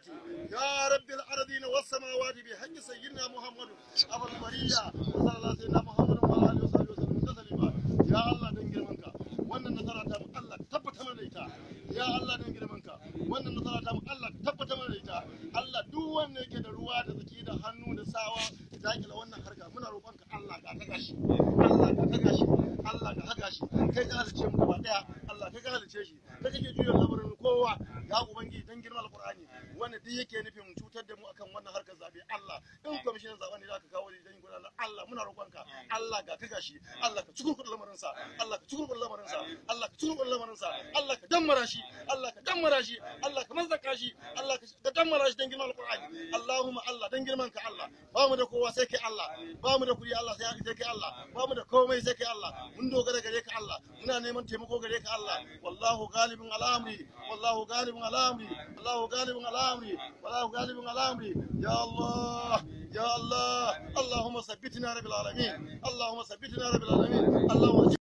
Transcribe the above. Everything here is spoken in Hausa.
salati ya na muhammadu wa alihi wa sahbihi sallama ya allah dan girman ka wannan nasara ta mu duk wanda yake da ruwa da zaki a hannu da sawa da kila wannan harka muna roƙon shi ka kake juyo lamarin kowa ya ubangiji Qur'ani wanda duk yake nufin cutar da mu akan wannan harkar zabe Allah in kwamishinan zaɓe ne zaka kawo da gudanar Allah muna roƙonka Allah ga kaga shi Allah ka cukurku lamarin sa Allah ka cukurku lamarin sa Allah ka cukurku lamarin sa Allah ka dammara shi Allah ka dammara shi Allah ka mazzaka shi Allah ka dammara shi dan alqur'ani Allahumma Allah dan girman ka Allah ba mu da kowa sai kai Allah ba mu da kuri Allah sai kai Allah ba mu da komai sai kai Allah mun dogara gare ka Allah muna neman taimako gare ka Allah wallahu ghalibun ala amri wallahu ghalibun ala amri wallahu ghalibun ala amri wallahu ghalibun ala amri ya Allah ya Allah Allahumma ثبتنا رب العالمين اللهم ثبتنا رب العالمين اللهم